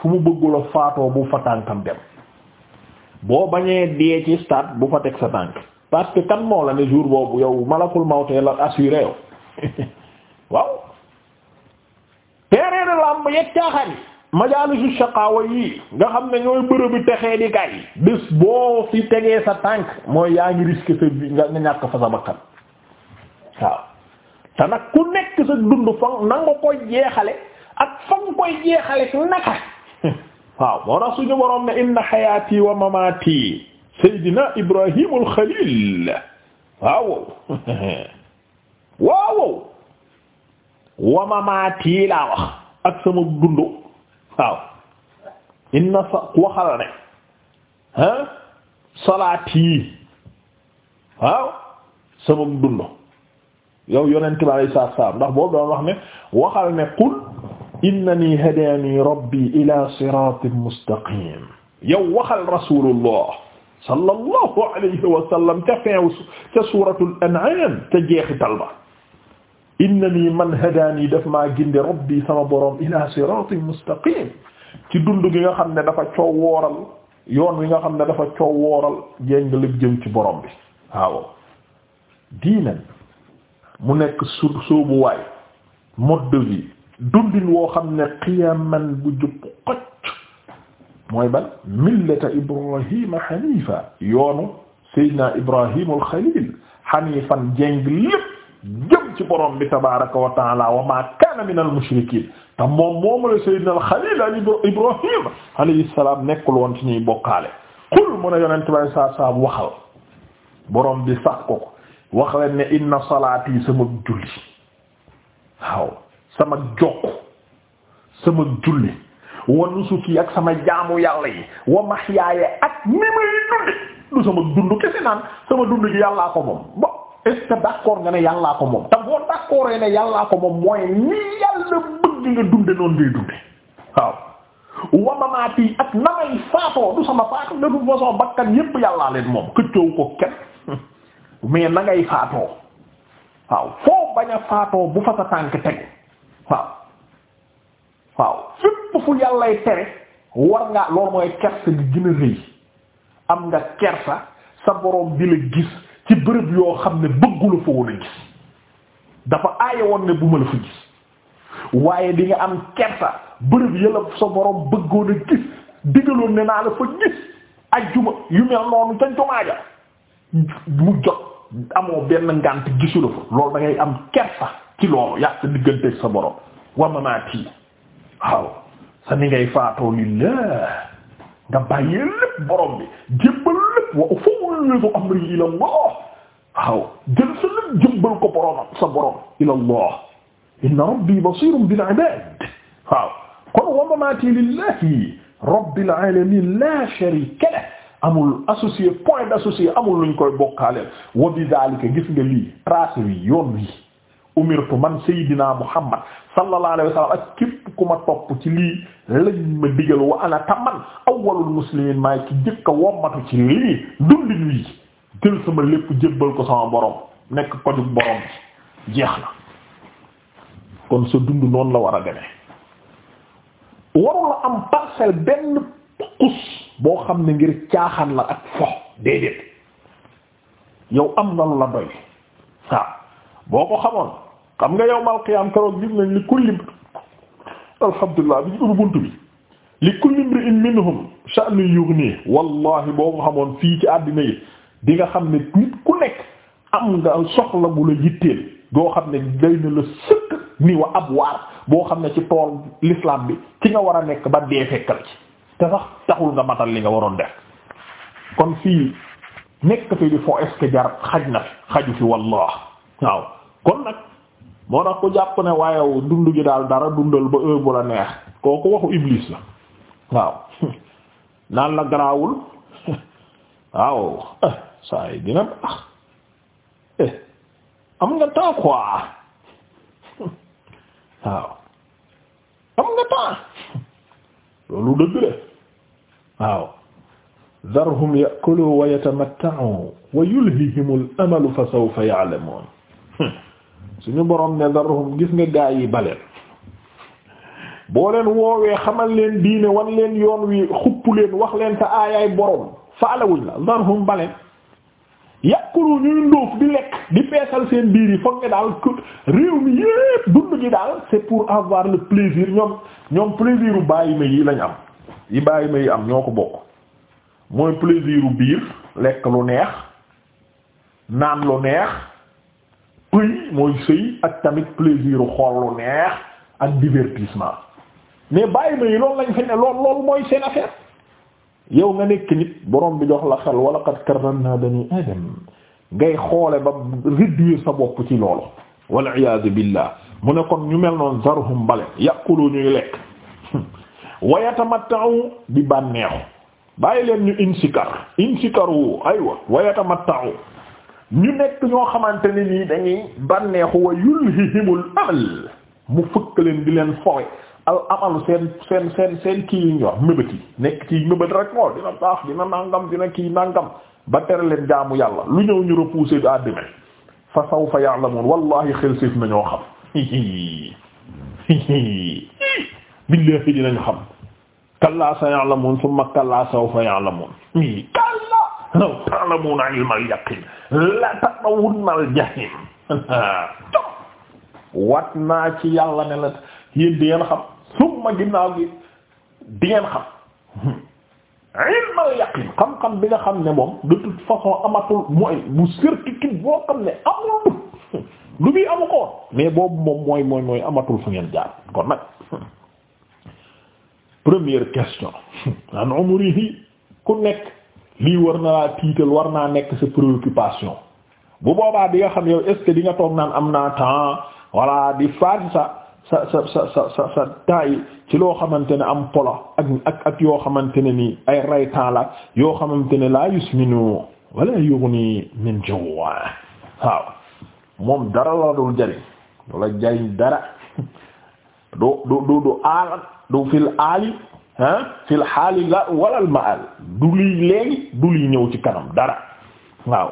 fu mu bëggula faatoo bu fa tànkam dem boo bañee dee ci stade bu fa teg sa tànk parce kan moo la ne jour boobu yow malakul mawtee la assuré yow waaw terrain de lamb yeg caaxaan yi majaalisu shaqaawa yi nga xam ne ñooy bërëbu texee di kay bés boo fi tegee sa tànk mooy yaa ngi risque sa vie nga ñàkk fa sa bakkan waaw te nag ku nekk sa dund fa na nga ko jeexale ak fa nga koy jeexale naka waaw moo tax suñu boroom ne inna xayaati wa mamaati Seydina Ibrahimul Xaliil waaw waaw wa mamaati laa wax ak sama dundu waaw inna sa waxal ne ah salaati waaw sama dundu yow yonent bi alayhi salaam ndax boobu doon wax ne waxal ne qul innani hadaani rabbi ila siraatin mustaqim yow waxal rasulullah sallallahu alayhi wa sallam ca fin ca suuratul an'aam ca jeexital ba innani man hadaani daf maa gindi rabbi sama boroom ila siraatin mustaqim ci dund gi nga xam ne dafa coow wooral yoon wi nga xam ne dafa coow wooral jéng lépp jëm ci boroom bi waaw diinan mu nekk sur sóobuwaay mode de vie dundin woo xam ne qiyaman bu jub xocc mooy ban millata ibrahima hanifa yoonu sayyidina ibrahima al xalil hanifan jéng lépp jëm ci borom bi tabaraka wa taala wa ma kana min al mushrikin te moom moomu la sayyidina al xalil al ibrahima alayhi salaam nekkul woon ci ñuy qul mun a yonent bay saa saa waxal borom bi sax ko ko inna salaati sama julli waaw sama jokk sama julli wa nusuki ak sama jaamu yàlla yi wa mahyaaya ak ni may dunde du sama dund kese naan sama dund gi yàllaa ko moom bon est-ce nga ne yàllaa ko moom mooy ni yàlla bëgg nga dunde noonu ngay dunde waaw wa mamaati ak na faatoo du sama faatu de toute façon bakkan yépp yàllaa leen moom këccoow ko kenn mais na faatoo waaw foo bañ faatoo bu fa sa tànk tegu waaw waaw fépp fu yàllay tere war nga loolu mooy kersa gi gën a rëy am nga kersa sa boroom di la gis ci bërëb yoo xam ne bëggu la fa woon a gis dafa aaye woon ne bu ma la fa gis waaye di am kersa bërëb yàlla sa boroom bëggoon a gis digaloon ne naa la fa gis ajjuma yu mel noonu ca jomaaja mu jot amoo benn ngànt gisu fa loolu da am kersa ci loolu yàq sa digganteeg sa borom wa mamaati waaw sa ni ngay faatoo lillah nga bàyyi lépp borom bi jébbal lépp wa ufawwidu amri ila Allah waaw jël sa lépp jébbal ko boromam sa borom ila Allah inna rabbi basirun bil ibad waaw kon wa mamaati lillahi rabbil alamin la sharika lahu amul associé point d'associé amul luñ koy bokkaaleel wa bi daalika gis nga lii tracé wi yoon wi umirtu man sayyidina muhammad sallallahu alayhi wa ak képp ku ma topp ci lii lañ ma digal wa ana taman awwalul muslimin maay ki jëkk a wommatu ci lii dundi ñuy jël sama lépp jébbal ko sama boroom nekk koju borom bi jeex na kon sa dund noonu la war a demee warula am parcelle benn kus boo xam ne ngir caaxaan la ak fo déedéet yow am na lu la doy boo ko xamoon xam nga yawmal qiyaam keroog gis nañ li kulli alhamdulilah bi ñu bunt bi li kulli imri'in minhum sha'nu yughni wallahi boo ko xamoon fii ci àddina yi di nga xam ne nit ku nekk am nga soxla bu la yitteel doo xam ne day na la sëkk ni wa ab waar boo xam ne ci tool l'islam bi ci nga war a nekk ba dee fekkal ci te sax taxul nga matal li nga waroon def kon fii nekk fi di foo est que jar xaj na fi xaju fi wallah waaw kon nag moo tax ku jàpp ne waaye dund gi daal dara dundal ba heure bu la neex kooku waxu iblis la waaw naan la garaawul waaw saa yi dina baax eh, am nga temps quoi waaw am nga temps loolu dëgg de waaw dharhum ya'kulu wa yatamatta'u wa yulhihimul amalu fa sawfa ya'lamun suñu borom ne darhum gis nga gaa yi baleen boo leen woowee xamal leen diine wan leen yoon wi xupp leen wax leen sa aayaay borom faalewuñ la darhum baleen yàqulu ñuy ndóof di lekk di peesal seen biir yi foog ne daal réew mi yépp dund gi daal c'est pour avoir le plaisir ñoom ñoom plaisir bàyyi ma yi lañ am yi bàyyi ma yi am ñoo ko bokk mooy plaisir biir lekk lu neex naan lu neex pëy mooy sëy ak tamit plaisir xool lu neex ak divertissement mais bàyyi ma yi loolu lañ fi ne lool loolu mooy seen affaire yow nga nekk nit borom bi jox la xel wala qad karramna bani adam ngay xoole ba réduire sa bopp ci loolu wal iyaadu billah mu ne kon ñu mel noon zarhum bale yàqulu ñuy lekk wa yatamatta'u di bànneexu bàyyi leen ñu insikar insikaru aywa wa yatamatta'u ñu nekk ñoo xamante ni nii dañuy bànneexu wa yulhihimul amal mu fëkk leen di leen fowe al amalu seen seen seen seen kii yi ñu wax mëbët yi nekk ci mëbët rek moo oh, dina baax dina nangam dina kii nangam ba tere leen jaamu yàlla lu ñëw ñu repoussé bi àddina fa sawfa ya'lamun wallahi xelsif na ñoo xam billahi dinañ xam kallaa sa ya'lamun summa kallaa sawfa ya'lamun law ta'lamuuna ilmal yaqiin la tarawunnal jahiim wat naa ci yàlla ne la yéen di ngeen xam summa ginnaaw gi di ngeen xam xam-xam bi nga xam ne moom de toute façon amatul mooy bu certitude boo xam ne amul lu bi amu ko mais boobu moom mooy mooy mooy amatul fu ngeen jaar kon nag première question an umrihi ku nekk lii war na laa tiital war naa nekk sa préoccupation bu boobaa di nga xam yow est ce que di nga toog naan am naa temps walla di faasi sa sa sa sa sa temps yi ci loo xamante ne am polo ak ak yoo xamante ne nii ay ray temps la yoo xamante ne laa yusminu wala yughni min jaw' waaw moom dara la dul jariñ wala jariñ dara du du du aal du fil aali ah fil xaali la walal maal du lii léegi du lii ñëw ci kanam dara waaw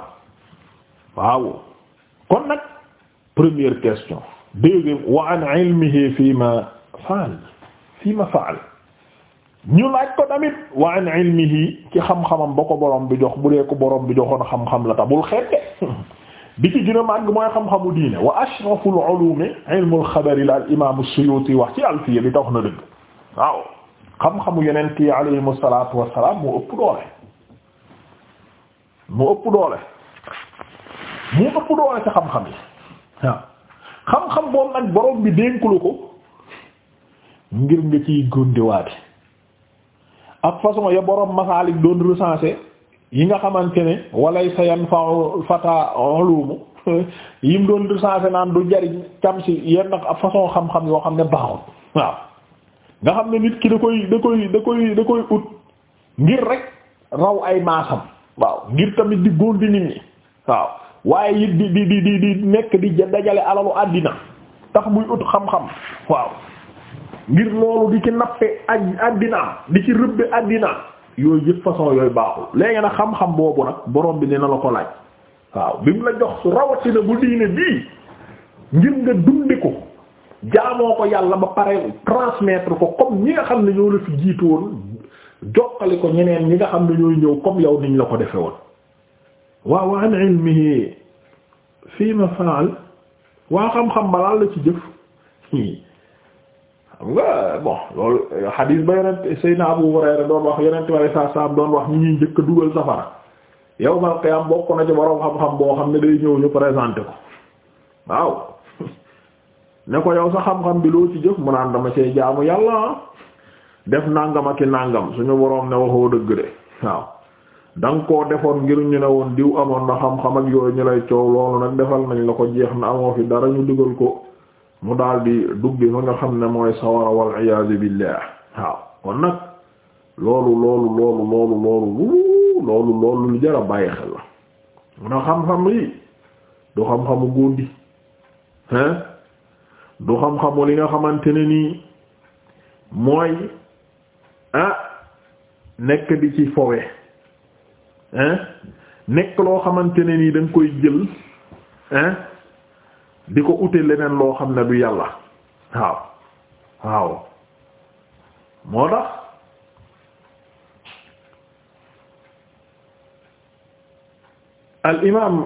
waaw kon nag première question deuxième wa an ilmihi fii ma faal fii ma faal ñu laaj ko tamit wa an ilmihi ci xam-xamam ba ko borom bi jox bu dee ko borom bi joxoon xam-xam la tabul xeet bi a màgg mooy xam-xamu diine wa ashraful ulumi wax ci alfiya bi tax na dëgg waaw xam-xamu yonent yi alayhimu salaatu wassalaam mu ëpp doole mu ëpp doole mu ëpp doole ci xam-xam yi xam-xam boobu nag borom bi dénkulu ko ngir nga ciy góndewaate ak façon ya borom masaalik doon recensé yi nga xamante ne walay sa yan fa fata ulumu yim doon recensé naan du jariñ cam si yenn façon xam-xam yoo xam ne baaxul waaw nga xam ne nit ki da koy da koy da koy da koy ut ngir rek raw ay maasam waaw ngir tamit di góor di nit ñi waaw waaye it di di di di di nekk di dajale alalu àddina tax muy ut xam-xam waaw ngir loolu di ci nappe àddina di ci rëbbe àddina yooyu yëpp façon yooyu baaxul léegi nag xam-xam boobu nag borom bi dina la ko laaj waaw bi mu la jox su rawatina bu diine bii ngir nga dundi ko jaamoo ko yàlla ba pare transmettre ko comme ñi nga xam ne ñoo la fi jiitu woon jokkali ko ñeneen ñi nga xam ne ñooy ñëw comme yow niñ la ko defe woon waaw wa an ilmihi fii ma faal waa xam-xam balaal la ci jëf xam nga bon loolu xadiis ba yonent Seydina Abu Hurayra doon wax yonent ware sa saam doon wax ñi ñuy njëkk dugal safara yawmal qiyaam bokk na ci boroom xam-xam boo xam ne day ñëw ñu présenté ko waaw ne ko yow sa xam-xam bi loo ci jëf mu naan dama see jaamu yàlla ah. def nàngam ak i nàngam suñu boroom ne waxoo dëgg de waaw da nga defoon ngir ñu ne woon diw amoon na xam-xam ak yooyu ñu lay coow loolu nag defal nañu ne ko jeex na amoo fi dara ñu dugal ko mu daal di dugg fa nga xam ne mooy sawara wal iyaazu billah waaw kon nag loolu loolu loolu loolu lu jara bàyyi xel la mun a xam-xam yi du xam-xamu góor hein du xam-xamu li nga xamante ne nii mooy ah nekk di ci fowe nekk loo xamante ne nii da koy jël hein di ko ute leneen loo xam ne du yàlla waaw waaw moo tax al imaam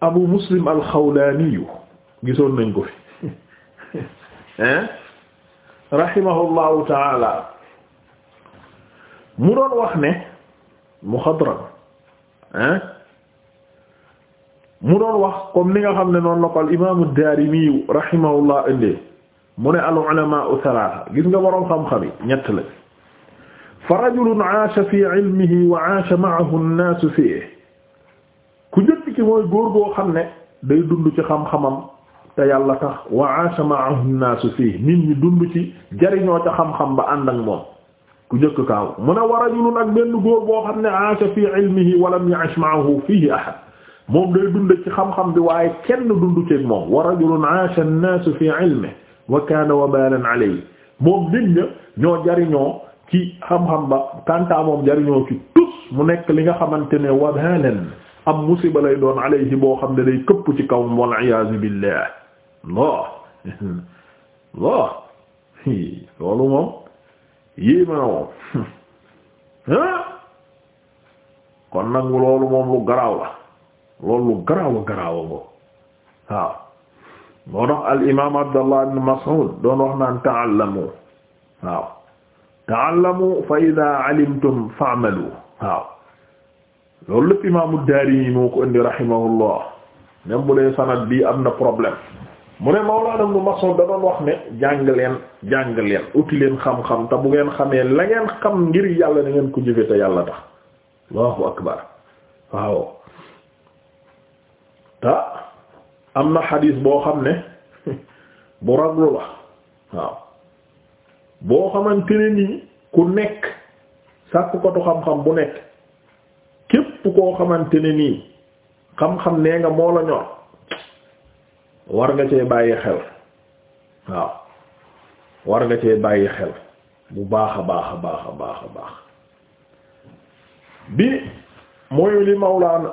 abu muslim al xawlaaniyu gisoon nañ ko fi hein rahimahullahu mu doon wax ne muxadram hein mu doon wax comme ni nga xam ne noonu la ko al imaamu Daarimi rahimahullah mu ne al ulamaa'u salaasa gis nga boroom xam-xam yi ñett la fa rajulun aasha fi ilmihi wa aasha ma'ahu an ku njëkk ci mooy góor goo xam ne day dund ci xam-xamam te yàlla tax wa aasha ma'ahu an-naas fii nit ñi dund ci jariñoo ca xam-xam ba ànd ak moom ku njëkk kaaw mu ne wa rajulun ak benn góor boo xam ne aasha fii ilmihi wa lam ya'ish ma'ahu fiihi ahad moom day dund ci xam-xam bi waaye kenn dund ceeg moom wa rajulun aasha an-naas fii ilmihi wa kaana wabaalan alayhi moom nit ña ñoo jariñoo ci xam-xam ba kantaa moom jariñoo ci tus mu nekk li nga xamante ne wabaalan am musiba lay doon alayhi boo xam ne day këpp ci kaw wal iyaazu billah loo loo loolu moom yéema na moom kon nag loolu moom lu garaaw lu garaaw a garaaw moom waaw moo al imaam Abdallah ibn Mas'ud doon wax naan ta'allamu waaw ta'allamu fa idha 'alimtum fa'malu waaw loolu lépp imaamu Daarimi moo ko indi rahimahullah même bu dee sanad bi am na problème mu ne Mawlaana Ibn Mas'ud da doon wax ne jàng leen jàng leen uti leen xam-xam te bu ngeen xamee la ngeen xam ngir yàlla na ngeen ko jëfe te yàlla tax Allahu akbar waaw te am na xadiis boo xam ne bu raglu la waaw boo xamante ne nii ku nekk sàkkukatu xam-xam bu nekk képp koo xamante ne nii xam-xam nee nga moo la ñor war nga cee bàyyi xel waaw war nga cee bàyyi xel bu baax a baax a baax a baax a baax bi mooy li mawlaana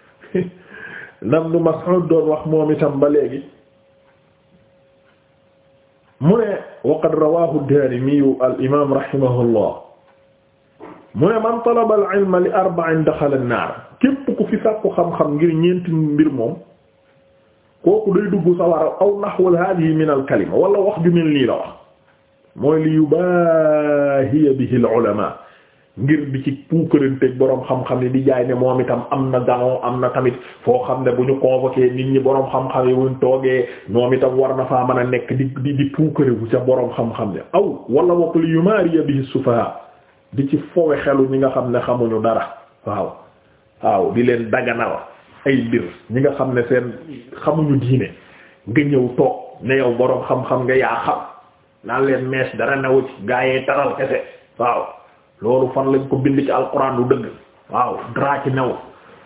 nam nu Mas'ud doon wax moom itam ba léegi mu ne waqad rawahu ad-Daarimiyu al-imaam rahimahullah mu ne man talaba al-ilma li arba'in naar képp ku fi sàkku xam-xam ngir ñeenti mbir moom kooku day dugg sawara aw nahwa hadihi min al kalima wala wax ju mel nii la wax mooy li yubaahiya bihi al ulama ngir bi ci puukaranteeg boroom xam-xam yi di jaay ne moom itam am na ganon am na tamit foo xam ne bu ñu convoqué nit ñi boroom xam-xam yi wuñ toogee moom itam war na faa mën a nekk di di di bu ca boroom xam-xam ne aw wala wax li yumaariya bihi sufaha di ci fowe xelu ñi nga xam ne xamuñu dara waaw waaw di leen daganal ay mbir ñi nga xam ne seen xamuñu diine nga ñëw toog ne yow boroom xam-xam nga yaa xam naan leen mees dara new ci gaayee taral kese waaw loolu fan lañ ko bind ci alquran du dëgg waaw dara ci new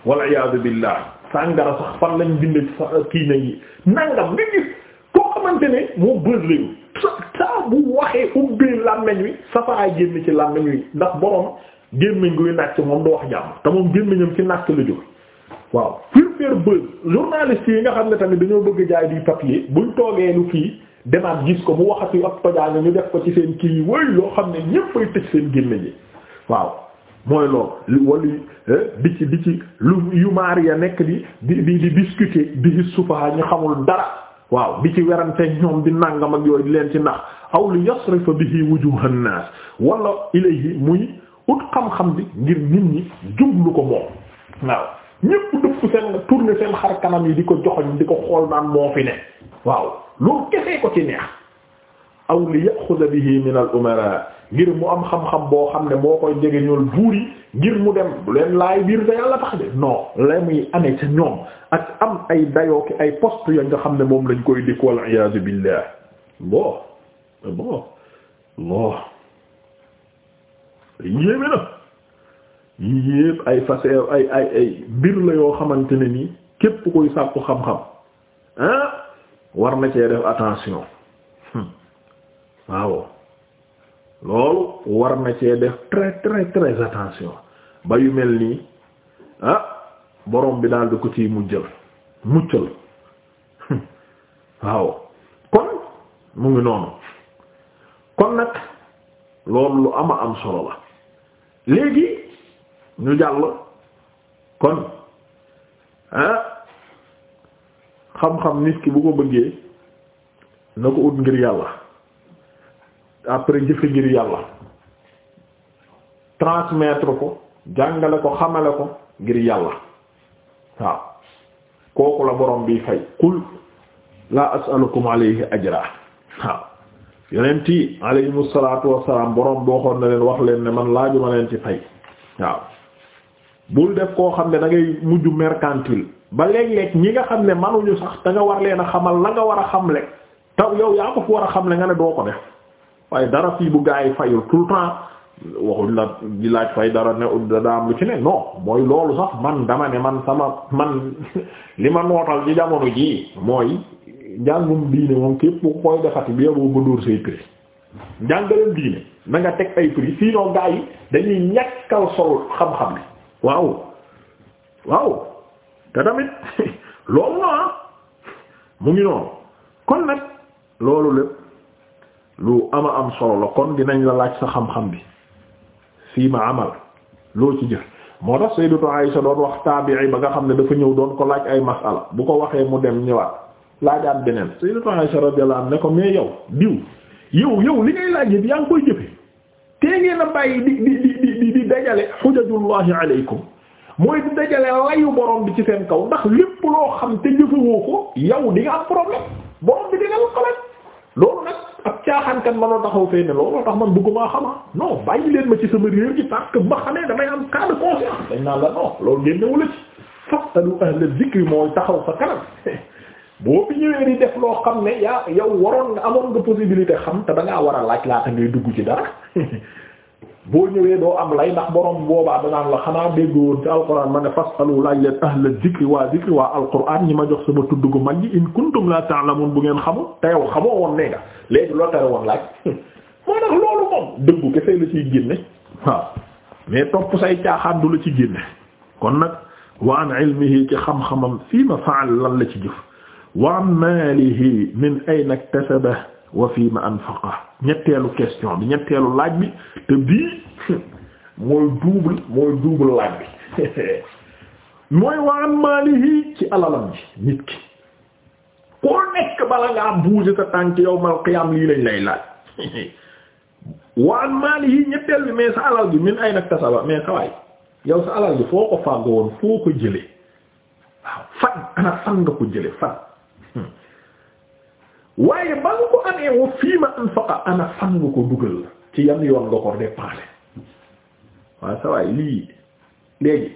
wal iyaadu billah sàngara sax fan lañ bind ci kii ne yi nangam nga gis koo xamante ne moo bës layu saa bu waxee ubbee làmmeñ wi safaa génn ci làmmeñ wi ndax boroom gémmiñ guy nàcc moom du wax jàmm te moom gémmiñam ci nàcc la jóg waaw firfeer buzz journaliste yi nga xam ne tamit dañoo bëgg jaay di papier buñ toogee lu kii demaat gis ko mu waxati ak tojaange ñu def ko ci seen kii yi wëy loo xam ne ñépp ay tëj seen génne ji waaw mooy loolu wala eh, di ci di ci lu yu maari ya nekk di di di di di gis sufaha ñu xamul dara waaw di ci werante ñoom bi nàngam ak yooyu di leen ci nax aw li yasrifa bihi wujuhan nas wala ilayhi muy ut xam-xam bi ngir nit ñi jublu ko moom waaw ñépp dëpp seen tourner seen xar kanam yi di ko joxoñ di ko xool naan moo fi ne waaw loolu kese ko ci neex aw li yaxuda bihi min al umara ngir mu am xam-xam boo xam ne moo koy jege ñool buur yi ngir mu dem bu leen laay biir da yàlla tax de non la muy amee ca ñoom ak am ay dayoo ki ay poste ya nga xam ne moom lañ koy dikk wal iyaazu billah bon bon bon yéeme na yépp ay faceer ay ay ay mbir la yoo xamante ne nii képp koy sàkku xam-xam war na cee def attention hmm. waaw loolu war na cee def très très très attention ba yu mel nii ah borom bi daal di ko ciy mujjal muccal hmm. waaw kon mu ngi noonu kon nag loolu lu ama am solo la léegi ñu jàll kon ah xam-xam nit ki bu ko bëggee na ko ut ngir yàlla après jëfe ngir yàlla transmettre ko jàngale ko xamale ko ngir yàlla waaw kooku la borom bi fay qul la as'alukum alayhi ajra waaw yonent yi alayhimu salaatu wassalaam borom boo xoon na leen wax leen ne man laaju ma leen ci fay waaw bul def koo xam ne da ngay mujj mercantile ba léeg-léeg ñi nga xam ne manuñu sax da nga war leen a xamal la nga war a xamle taw yow yaa ko fu war a xamle nga ne doo ko def waaye dara fii bu gaa yi fayul tout le temps waxuñ la di laaj fay dara ne am lu ci ne non mooy loolu sax man dama man sama man li ma nootal ci jamono jii mooy njàngum diine moom képp bi yow nga dóor say prix njàngaleen diine na teg ay prix sinon gaa yi dañuy ñàkkal sol xam-xam bi waaw waaw te tamit loolu la ah. mu ngi noonu kon nag loolu lépp lu ama am solo la kon dinañ la laaj sa xam-xam bi fii ma amal loo ci jëf moo tax say du Sayyidatu Aisha doon wax taabi'i ba nga xam ne dafa ñëw doon ko laaj ay masala bu ko waxee mu dem ñëwaat laajaat beneen Sayyidatu Aisha radiyallahu anha ne ko mais yow diw yow yow li ngay laaj yëpp yaa ngi koy jëfe tee ngeen a bàyyi di di di di dajale xujajullahi aleykum mooy di dajale layu borom bi ci seen kaw ndax lépp loo xam te jëfewoo ko yow di am problème borom bi di nga am taxaw fee ne looloo tax man bëggumaa xamaa leen ma ci sama réer gi parce que dañ naan la non loolu génnewu la ci def loo xam ne yaa yow waroon nga amoon nga possibilité xam te da war a laaj laata ngay dugg ci dara boo ñëwee doo am lay ndax borom boobaa danaan la xanaa déggoo woon ci alquran ma ne fasalu laaj leen ahla dikri waa dikri waa alquran ñi ma jox sama tudd gu mag yi in kuntum ta ta'lamun bu ngeen xamul te yow xamoo woon nee nga léegi loo tere woon laaj moo tax loolu moom dëggu kese la ciy génne waaw mais topp say caaxaan du la ci génne kon nag wa an ilmihi ci xam-xamam fii ma faal lan la ci jëf wa an maalihi min ayna iktasaba wa fii ma anfaqa ñetteelu question bi ñetteelu laaj bi te bii mooy double mooy double laaj bi mooy wa an ci alalam ji nit ki koo nekk bala ngaa bouger sa tànk yawmal qiyaam lii lañ lay laaj wa an ñetteel bi mais sa alal bi min ay nag tasaba mais sawaay yow sa alal bi foo ko fàggoon foo ko jëlee waaw fan fan nga ko jëlee fan waaye ba nga ko amee wa fii ma anfaqa ana fan nga ko dugal ci yan yoon nga ko dépensé waaw sa waay lii léegi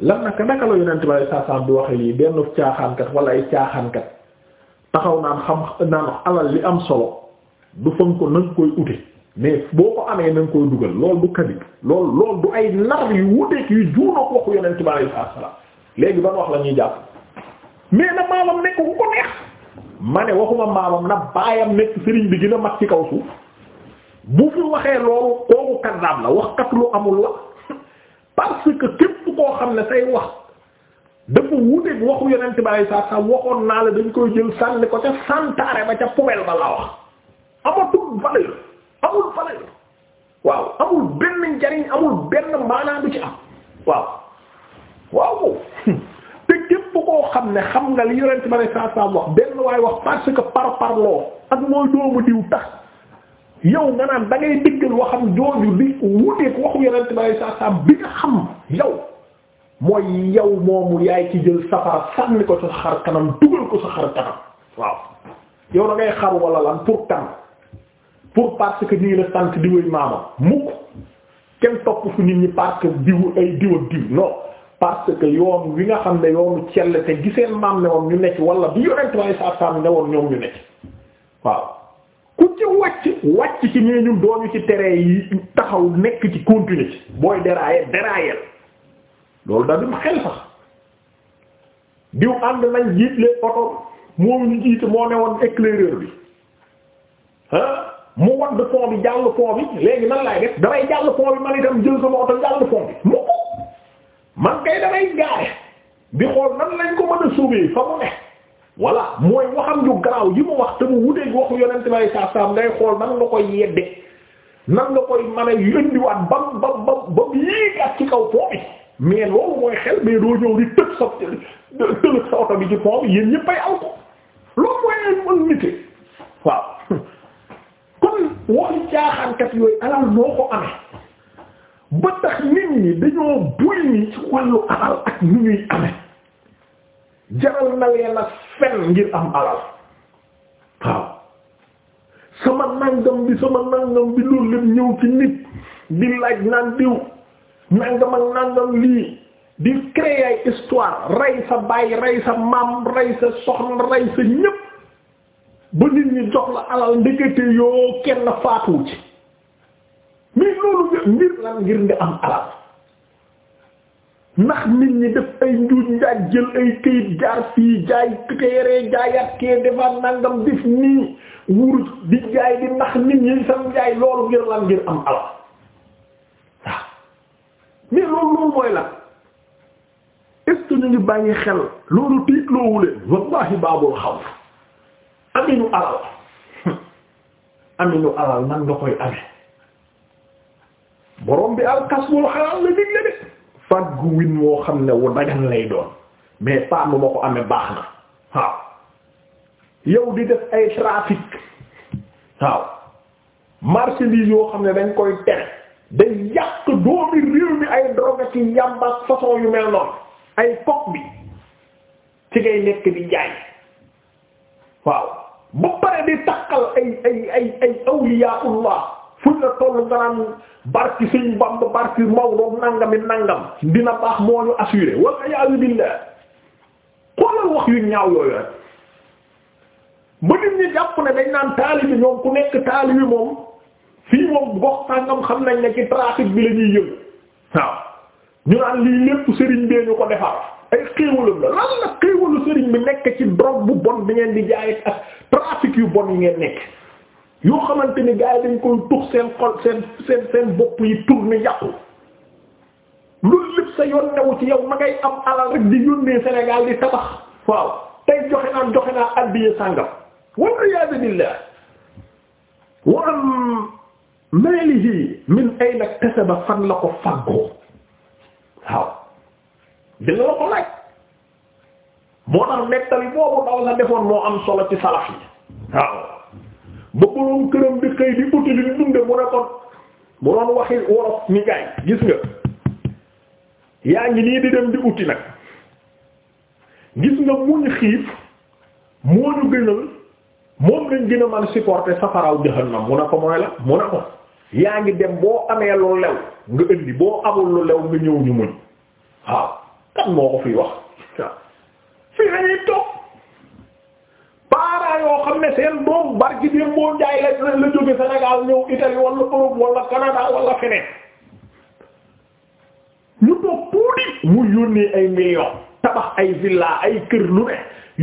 lan naka naka la yonent bi saa saa bi waxee lii benn caaxaankat wala ay caaxaankat taxaw naan xam naan alal li am solo du fan ko nanga koy ute mais boo ko amee nanga koy dugal lool du kadib lool lool du ay nar yu wuteek yu juunook waxu yonent bi saa saa léegi ban wax lañuy jàpp mais na maalam nekk ku ko neex ma ne waxuma maamam na baayam nekk sëriñ bi gën a mag ci kaw suuf bu fi waxee loolu kooku kaddaab la wax kat lu amul la parce que képp koo xam ne say wax dafa wuteeg waxu yonent bi saa saa waxoon naa la dañ koy jël sànni ko ca santaare ba ca poubelle ba la wax amatul valeur amul valeur waaw amul benn njariñ amul benn maanaa ci am waaw waaw koo xam ne xam nga li yonent ba ne saa wax benn waay wax parce que par parloo ak mooy doomu diw tax yow nga naan da ngay diggal waxam jooju di wuteek waxu yonent ba ne saa bi nga xam yow mooy yow moomu yaay ci jël safara sànni ko sa xar kanam dugal ko sa xar kanam waaw yow da ngay xaru wala lan pour tam pour parce que nii la sant diwuy maamam mukk kenn topp fu nit parce diw ay diw ak diw non parce que yoon wi nga xam ne yoonu cell te giseen maam ne woon ñu nekk wala bi yonent way sa sam ne woon ñoom ñu nekk waaw ku ci wàcc wàcc ci ñee ñun dooñu ci tere yi taxaw nekk ci continuer ci booy dérailler dérailler loolu da dum xel sax diw ànd nañ jiitle oto moom ñu jiite moo ne woon éclaireur bi ah mu wadd pont bi jàll pont bi léegi nan laay def damay jàll pont man itam jël sama oto jàll pont bi man kay damay gaare di xool nan lañ ko mën a suubee fa mu ne voilà mooy waxam ju garaaw yi mu wax te mu wuteeg waxu yonent lay saa saam ngay xool nan nga koy yedde nan nga koy mën a yëndiwaat bam bam bam bam yéegaat ci kaw pont bi mais loolu mooy xel mais doo ñëw di tëb sa tëb sa oto bi ci pont bi yéen ñëppay aw ko loolu mooy mën nite waaw kon waxi caaxaankat yooyu alal noo ko amee ba tax nit ñi dañoo buy ni ci wàllu alal ak ni ñuy amee jaral na leen ak fen ngir am alal waaw sama nangam bi sama nangam bi loolu lépp ñëw ci nit di laaj naan diw nangam ak nangam lii di créer ay rey sa baay rey sa maam rey sa soxna rey sa ñépp ba nit ñi jox la alal ndekete yoo kenn faatu ci mais loolu ngir lan ngir nga am alal ndax nit ñi def ay njuuj njaaj jël ay këyit jaar fii jaay téere jaayaat kee defar nangam def nii wuur di jaay di ndax nit ñi sam jaay loolu ngir lan ngir am alal waaw mais loolu loolu mooy lan est ñu ngi bàyyi xel loolu tiitloowu leen wallahi baabul xawf aminu alal aminu alal nan nga koy amee borom bi alkasbul xalaal la digle de fàggu win woo xam ne wu dagan lay doon mais pas nu ma ko amee baax na waaw yow di def ay trafic waaw marchandise yoo xam ne dañ koy tere day yàq doomi réew mi ay drogue ci yàmba façon yu mel noonu ay pok bi ci ngay nekk di jaay waaw ba pare di takkal ay ay ay ay awliyaullah fuñ la tollu nga naan barki Sëriñ Bamba barki Maodo nangami nangam dina baax moo ñu assuré wala yaayu billah xoolal wax yu ñaaw yooyu rek ba nit jàpp ne dañ naan taali bi ñoom ku nekk taali moom fii moom gox sàngam xam nañ ne ci trafic bi la ñuy yëngu waaw ñu naan lii lépp sëriñ bee ñu ko defar ay xéewalam la lan la xéewalu sëriñ bi nekk ci drogue bu bon bi ngeen di jaay ak yu bon yi ngeen nekk. yoo xamante ni gars yi dañ koy tux seen xol seen seen bopp yi tourné yàqu loolu lépp sa yoon newu ci yow ma ngay am alal rek di yónnee Sénégal di tabax waaw tey joxe naan joxe naa addiye sàngam wal iyaadu billah wa am maalihi min ayna fan la ko faggoo waaw dina la ko laaj moo tax nettali boobu daw la defoon moo am solo ci salaf yi waaw ba boroom këram di xëy di uti di dunde mu ne kon bu doon waxi wolof ni gaay gis nga yaa ngi nii di dem di uti nag gis nga muñ xiif moo ñu gënal moom lañ gën a man supporter safaraw jahannam mu ne ko mooy la mu ne ko yaa ngi dem boo amee lu lew nga indi boo amul lu lew nga ñëw ñu muñ waaw kan moo ko fiy wax yoo xam ne seen doom barki bi moo njaay la la jóge Sénégal ñëw Italie wala Europe wala Canada wala feneen ñu toog tuuti mu yónnee ay millions tabax ay villa ay kër lu ne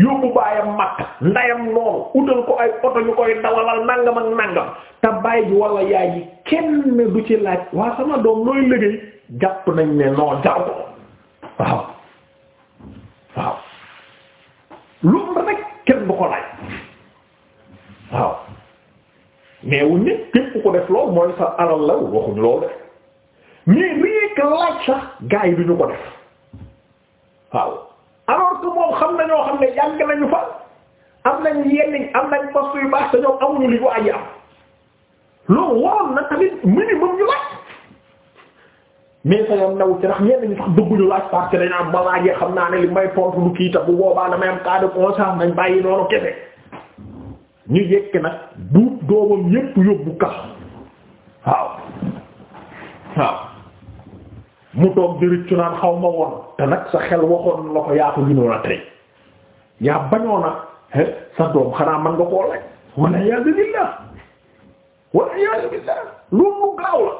yóbbu baayam mag ndayam noonu utal ko ay oto ñu koy dawalal nangam ak nangam te baay bi wala yaay yi kenn du ci laaj waa sama doom looy liggéey jàpp nañ ne non jaru ko waaw waaw lu rek waaw mais wuñ képp ko def lool mooy sa alal la waxuñ lool def mais rien que laaj sax gars yi duñu ko def waaw alors que moom xam na ñoo xam ne yàgg nañu fa am nañ yenn am nañ poste yu baax te ñoom amuñu li waa ji am loolu waroon na tamit minimum ñu laaj mais sa yoon naw ci ndax ñenn ñi sax dugguñu laaj parce dañ am ma laajee xam naa ne li may tontu lu kii ta bu boobaa damay am cas de conscience nañ bàyyi noonu kese. ñu yekk nag duub doomam yépp yóbbu kax waaw waaw mu toog di rëccu naan xaw ma woon te nag sa xel waxoon la yaa ko gënoon a tey yaa bañoon a sa doom xanaa man nga koo laaj walla iyaazu billaah walla iyaazu billaah loolu lu gaaw la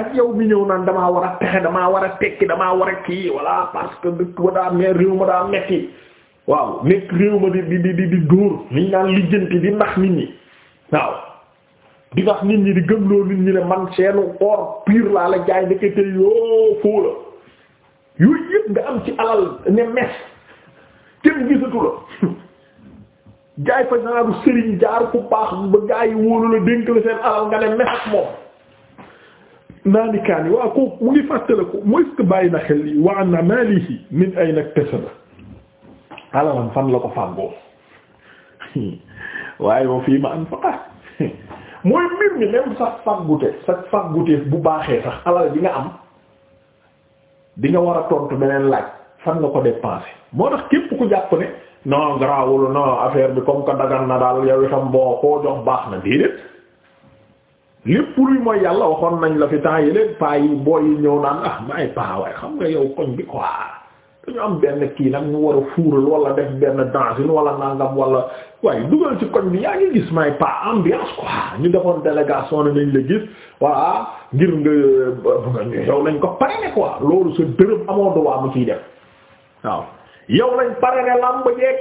ak yow mi ñëw naan damaa war a texe damaa war a tekki damaa war a kii voilà parce que dëkk ba daa mer réew ma daa metti waaw nekk réew ma di di di di di nax nit ñi di nax nit ñi di gëmloo nit ñi ne man seenu or pur laa la jaay ndekete yoo foo yooyu yëpp nga am ci alal ne mes kenn gisatu la jaay fa naaru sëriñ jaar ku baax ba gaa yi la dénk la seen alal nga ne mes ak moom naanikaan waaw kooku mu ngi fàttaliku mooy est-ce que bàyyi na xel yi wa an amalihi min ayna iktasaba alalam fan la ko fàggoo waaye wa fii ma anfaqa mooy mbir mi même sax fàggute sax fàgguteef bu baaxee sax alal bi nga am di nga war a tontu beneen laaj fan nga ko dépensé moo tax képp ku jàpp ne non garaawul non affaire bi comme que dagan na daal yow itam boo koo jox baax na déedéet lépp luy mooy yàlla waxoon nañ la fi temps yi leen paa yi booy yi ñëw naan ah maay paa waaye xam nga yow koñ bi quoi dañu am benn kii nag ñu war a fuural wala def benn dansin wala nangam wala waaye dugal ci koñ bi yaa ngi gis may pas ambiance quoi ñu defoon délégation ne nañ la gis voilà ngir nga yow lañ ko parrainé quoi loolu sa dërëm amoo droit mu ciy def waaw yow lañ parrainé làmb jeeg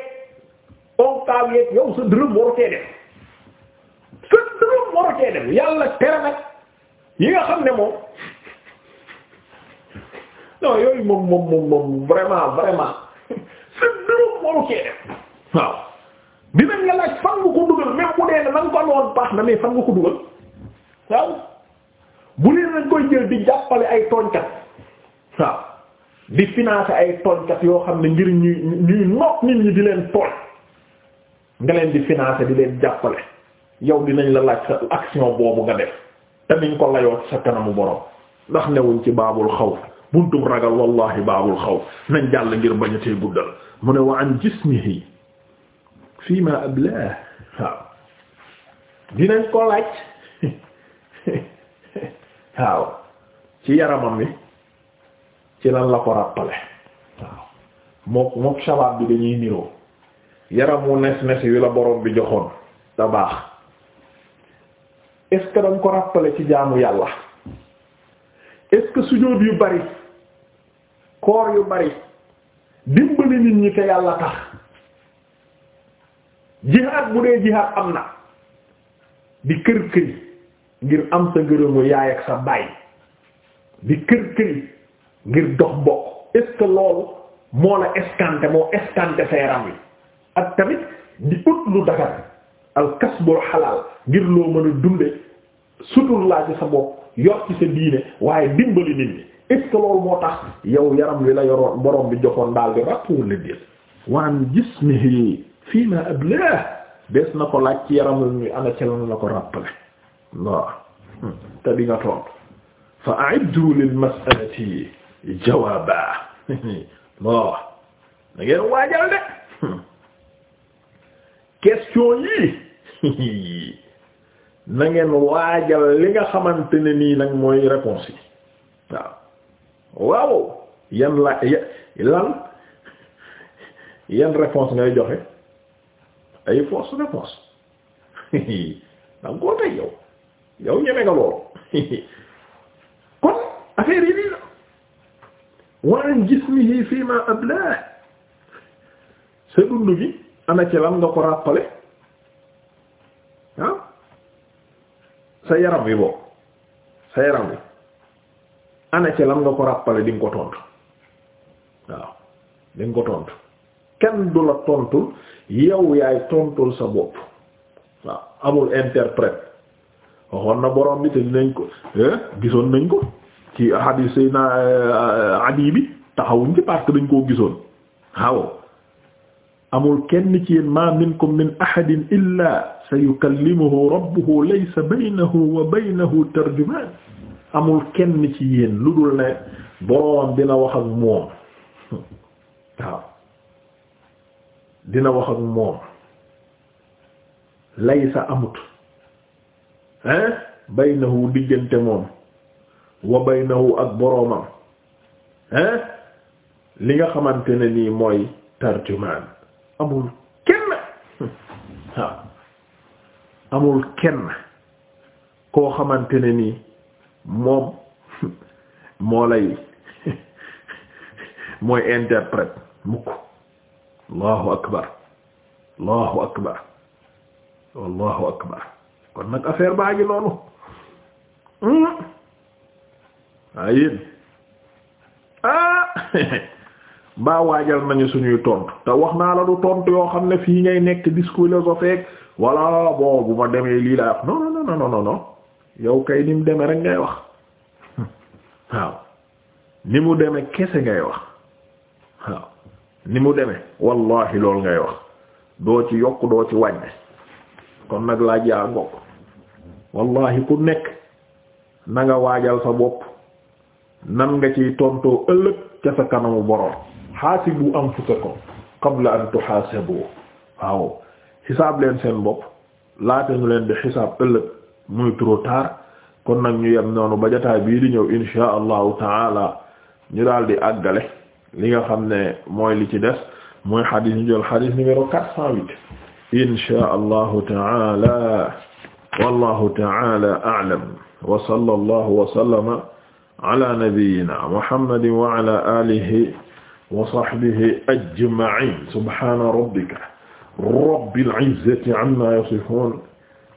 yow sa dërëm waru cee def sa dërëm waru cee def yàlla tere nag yi xam ne moom non yooyu moom moom moom moom vraiment vraiment seen mbirum waru cee def waaw dinañ la laaj fan nga ko dugal même dee ne na mais fan nga ko dugal waaw bu leen nañ koy jël di jàppale ay tooñkat waaw di financer ay tooñkat yoo xam ne ngir ñuy ñuy noot nit ñi di leen tooñ nga di financer di leen jàppale yow dinañ la laaj sa action boobu nga def te niñ ko layoo sa kanamu borom ndax newuñ ci baabul xaw buntum ragal wallahi baabul xawf nañ jàll ngir bañ a guddal mu ne wa an jismihi fii ma ablah waaw dinañ ko laaj waaw ci yaramam wi ci lan la ko rappale waaw mook mook shabaab bi dañuy niroo yaram wu nes nes wi la borom bi joxoon te baax est-ce ko rappale ci jaamu yàlla est-ce yu bari koor yu bari dimbali nit ñi te yàlla tax jihaad bu dee jihaad am na di kër këri ngir am sa ngërëmu yaay baay di kër dox bokk est ce que loolu moo la escanté moo escanté sa yaram ak tamit di ut lu dagar al kasbul xalaal ngir loo mën a dunde sutur laa ci sa bopp yor ci sa diine waaye dimbali nit ñi est ce moo tax yow yaram wi la yoroon borom bi joxoon daal di ràpp wala déet waan jismihi fii ma ablah des na ko laaj ci yaram wi ana ci lan la ko rappale waaw hmm. te di nga toon fa a'iddu lil mas'alati jawaaba bon da ngeen waajal de hmm. question yii na waajal li nga xamante ne nii nag mooy réponse yi waaw waaw yan la lan yan réponse ngay joxe ay fausse réponse danga koo tey yow yow ñeme nga loolu kon affaire yi nii la wa an jismihi fii ma ablah sa dund gi ana ci lan nga ko rappelé sa yaram wi boobu sa yaram wi ana ci nga ko rappelé di ko tontu waaw di ko tontu kenn du la tontul yow yaay tontul sa bopp waaw amul interprète waxoon na borom bi te dinañ ko eh, gisoon nañ ko ci hadith sayna eh, adi bi taxawuñ ci parce dañ koo gisoon waaw amul kenn ci yéen ma minkum min ahadin illa sayukallimuhu rabbuhu laysa baynahu wa baynahu tarjuman amul kenn ci yéen lu dul ne boroomam dina wax ak moom waaw dina wax ak moom sa amut hein baynahu diggante moom wa baynahu ak boroomam hein li nga xamante ne nii mooy tarjumaan amul kenn waaw amul kenn koo xamante ne nii moom moo lay mooy interprète mukk allahu akbar allahu akbar allahu akbar kon nag affaire baa ngi noonu hmm? waa yéen ah mbaa waajal nañu suñuy tontu te wax naa la du tontu yoo xam ne fii ngay nekk discours philosophique walla bon bu ma demee lii laa non non non non non non yow kay ni mu deme rek ngay wax waaw ni mu deme kese ngay wax waaw ni mu deme wallahi loolu ngay wax doo ci yokk doo ci wàññi kon nag laaj yaa ngopp wallahi ku nekk na nga waajal sa bopp nan nga ciy tontoo ëllëg ca sa kanamu am xaasibu anfusakum qabla an tuxaasabu waaw xisaab leen seen bopp laata ñu leen di xisaab ëllëg muy trop tard kon nag ñu yem noonu ba jotaay bii di ñëw insha allahu taala ñu daal di àggale li nga xam ne mooy li ci des mooy xadis ñu jël xadis numéro quatre cent huit insha allahu taala wallahu taala a'lam wa sallallahu wa sallama ala nabiyyina muhammadin wa ala alihi wa sahbihi ajma'in subhana rabbika rabbil izzati amma yasifun